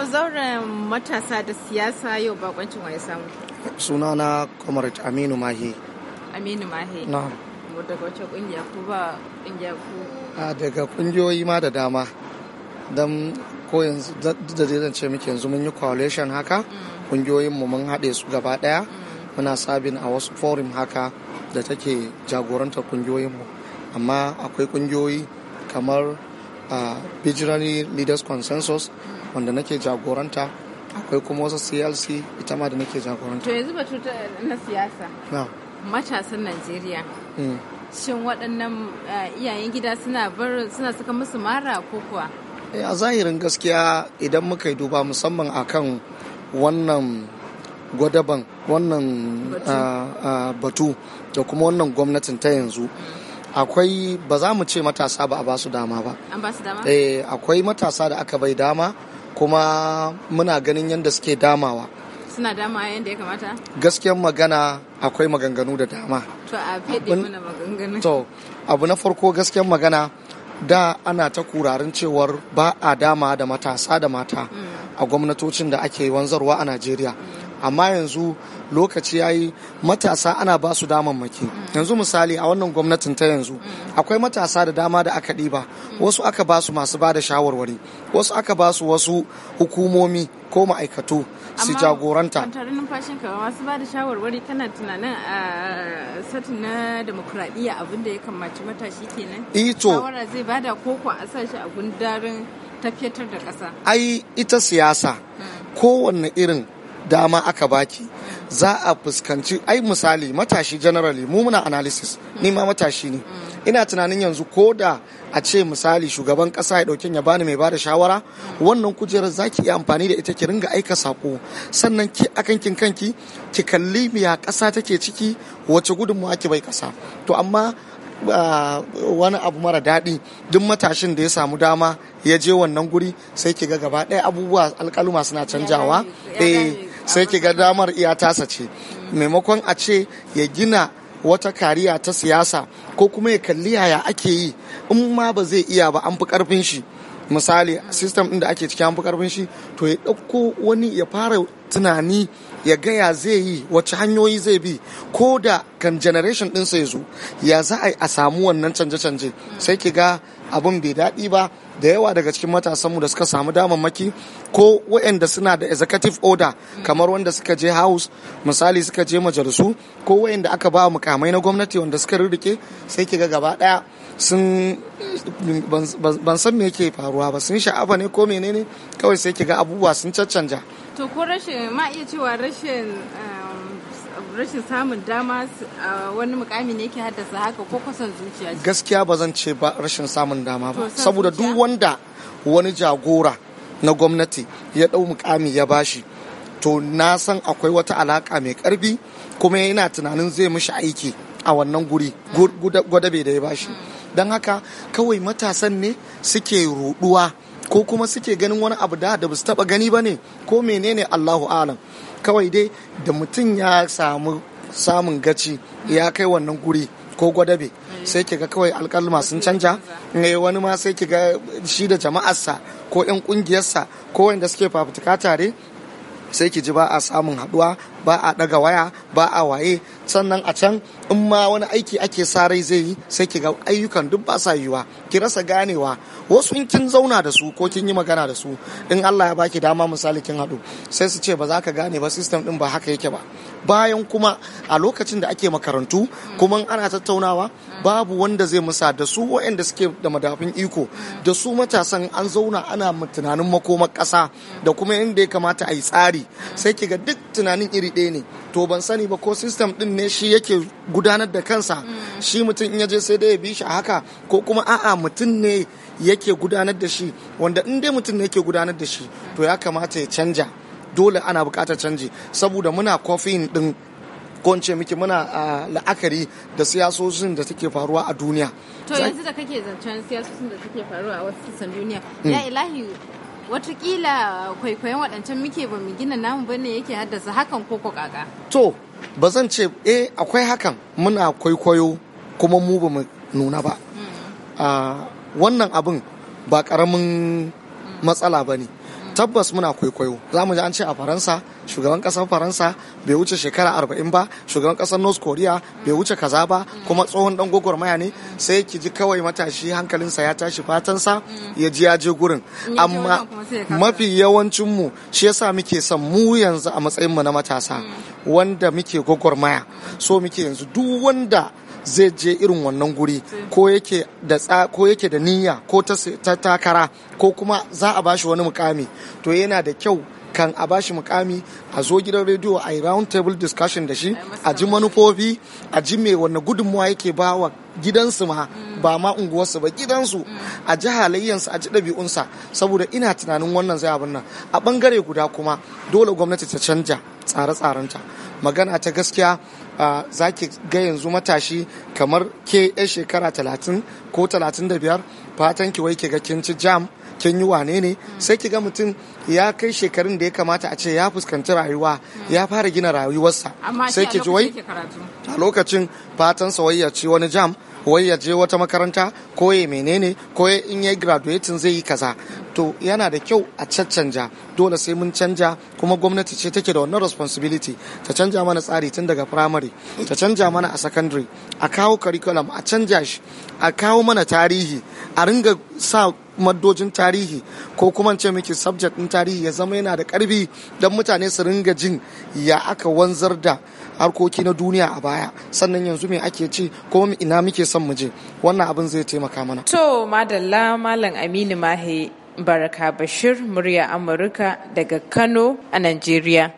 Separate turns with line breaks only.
To zauren matasa da siyasa yau bakoncin waye samu.
Sunana Comrade Aminu Mahi.
Aminu Mahi. Na. Daga wace kungiya ku ba kungiya ku.
A daga kungiyoyi ma da dama. Don ko yanzu da zan ce muke yanzu mun yi coalition haka mm. kungiyoyin mu mun haɗe su gaba ɗaya mm. muna sabin a wasu forum haka da take jagorantar kungiyoyin mu amma akwai kungiyoyi kamar a Vigilary Leaders Consensus mm. wanda nake jagoranta akwai kuma wasu clc ita ma da nake jagoranta to
yanzu batu na siyasa matasan najeriya eh. shin waɗannan eh, iyayen gida suna bar suna suka musu mara ko kuwa
eh, a zahirin gaskiya idan muka yi duba musamman akan wannan gwadaban wannan batu da kuma wannan gwamnatin ta yanzu akwai ba za mu ce matasa ba a basu dama ba akwai matasa da aka bai dama kuma muna ganin yadda suke damawa
suna dama yadda ya kamata
gaskiyar magana akwai maganganu da dama
to a fede mana maganganu
to abu na farko gaskiyar magana da ana ta kurarin cewar ba a dama da matasa da mata mm. a gwamnatocin da ake wanzarwa a najeriya mm. amma yanzu lokaci ya yi matasa ana ba su damammaki yanzu misali a wannan gwamnatin ta yanzu akwai matasa da dama da aka ɗiba wasu aka ba su masu ba da shawarwari wasu aka ba su wasu hukumomi ko ma'aikatu su jagoranta. Amma
kwantarin numfashin ka masu ba da shawarwari kana tunanin a ah, satin na demokuraɗiyya abinda ya kamaci matashi kenan? Ito. Eh, Shawara zai bada koko a sashi a gundarin tafiyatar da ƙasa.
Ai ita siyasa hmm. kowanne irin dama aka baki za a fuskanci ai misali matashi generally mu muna analysis ni ma matashi ne ina tunanin yanzu ko da a ce misali shugaban kasa ya dauki ya bani mai bada shawara wannan kujerar zaki iya amfani da ita ki ringa aika sako sannan ki akan kin kanki ki kalli miya kasa take ciki wace gudunmawa ki bai kasa to amma wani abu mara daɗi duk matashin da ya samu dama ya je wannan guri sai ki ga gaba ɗaya abubuwa alkaluma suna canjawa eh sai ki ga damar iya tasa ce maimakon a ce ya gina wata kariya ta siyasa ko kuma ya kalli yaya ake yi in ma ba zai iya ba an fi karfin shi misali system ɗin da ake ciki an fi karfin shi to ya ɗauko wani ya fara tunani ya gaya zai yi wacce hanyoyi zai bi ko da kan generation ɗinsa ya zo ya za a samu wannan canje-canje sai ki ga abin bai daɗi ba da yawa daga cikin matasanmu da suka samu damammaki ko waɗanda suna da executive order kamar wanda suka je house misali suka je majalisu ko waɗanda aka ba mukamai na gwamnati wanda suka rirrike sai kiga gaba ɗaya sun ban san me yake faruwa ba sun sha'afa ne ko menene kawai sai kiga abubuwa sun caccanja
to ko rashin ma iya cewa rashin eh, rashin samun dama wani mukami ne ke haddasa haka ko kusan zuciya
gaskiya ba zan ce ba rashin samun dama ba saboda duk wanda wani jagora na gwamnati ya ɗau mukami ya bashi to na san akwai wata alaka mai karfi kuma yana tunanin zai mishi aiki a wannan guri gwada bai da ya bashi don haka kawai matasan ne suke ruɗuwa, ko kuma suke ganin wani abu da da ba su taba gani ba ne ko menene allahu alam kawai dai da mutum ya samu samun gaci ya kai wannan guri ko gwadabe sai kiga kawai alkalma sun canja eh, wani ma sai kiga shi da jama'arsa ko 'yan kungiyarsa ko wanda suke fafutuka tare sai ki ji ba a samun haduwa ba a daga waya ba a waye sannan a can in ma wani aiki ake sa rai zai yi sai ki ga ayyukan duk ba sa yiwa ki rasa ganewa wasu in kin zauna da su ko kin yi magana da su in Allah ya baki dama misali kin haɗu sai su ce ba za ka gane ba system din ba haka yake ba bayan kuma a lokacin da ake makarantu kuma ana tattaunawa babu wanda zai musa da su waɗanda suke da madafin iko da su matasan an zauna ana tunanin makomar ƙasa da kuma inda ya kamata a yi tsari sai ki ga duk tunanin iri ɗaya ne to ban sani ba ko system ɗin ne shi yake gudanar da kansa mm. shi mutum in ya je sai dai ya bi shi a haka ko kuma a'a mutum ne yake gudanar da shi wanda in dai mutum ne yake gudanar da shi to ya kamata ya canja dole ana buƙatar canji saboda muna kofin ɗin, ko ce miki muna la'akari da siyasosin da take faruwa a duniya to yanzu
da kake zancen siyasosin da take faruwa a wasu sassan duniya mm. ya ilahi watakila kwaikwayon waɗancan muke ba mu gina namu ba ne yake haddasa hakan ko kaka
to ba zan ce eh akwai hakan muna kwaikwayo kuma mu ba mu nuna ba mm. a ah, wannan abin ba ƙaramin matsala ba ne tabbas muna kwaikwayo za mu ji an ce a faransa shugaban kasar faransa bai wuce shekara arba'in ba shugaban kasar north korea bai wuce kaza ba kuma tsohon dan gwagwarmaya ne sai ki ji kawai matashi hankalinsa ya tashi fatansa ya ji ya je gurin amma mafi yawancin mu shi yasa muke son mu yanzu a matsayin mu na matasa mm. wanda muke gwagwarmaya so muke yanzu duk wanda zai je irin wannan guri ko yake da tsa ko yake da niyya ko ta takara ko kuma za a bashi wani mukami to yana da kyau kan a bashi mukami a zo gidan rediyo a yi round table discussion da shi a ji manufofi a ji mai wanne gudunmuwa yake ba wa gidansu ma mm. ba ma unguwarsu ba gidansu mm. a ji halayyansu a ji ɗabi'unsa saboda ina tunanin wannan zai abin nan a ɓangare guda kuma dole gwamnati ta canja tsare-tsarenta magana ta gaskiya za ki ga yanzu matashi kamar ke 'yan shekara talatin ko talatin da biyar fatan ki wai ki ga kin ci jam kin yi wane ne sai ki ga mutum ya kai shekarun da ya kamata a ce ya fuskanci rayuwa ya fara gina rayuwarsa sai ki ji wai a lokacin fatan sawayya ci wani jam wai ya je wata makaranta ko ya menene ko ya in ya graduating zai yi kaza to yana da kyau a caccanja dole sai mun canja kuma gwamnati ce take da wannan responsibility ta canja mana tsari tun daga primary ta canja mana a secondary a kawo curriculum a canja shi a kawo mana tarihi a ringa sa maddojin tarihi ko kuma ce muke subject din tarihi ya zama yana da karbi don mutane su ringa jin ya aka wanzar da harkoki na duniya a baya sannan yanzu me ake ci ko ina muke son mu je wannan abin zai taimaka mana to
madalla malam aminu mahe baraka bashir murya amurka daga kano a nigeria.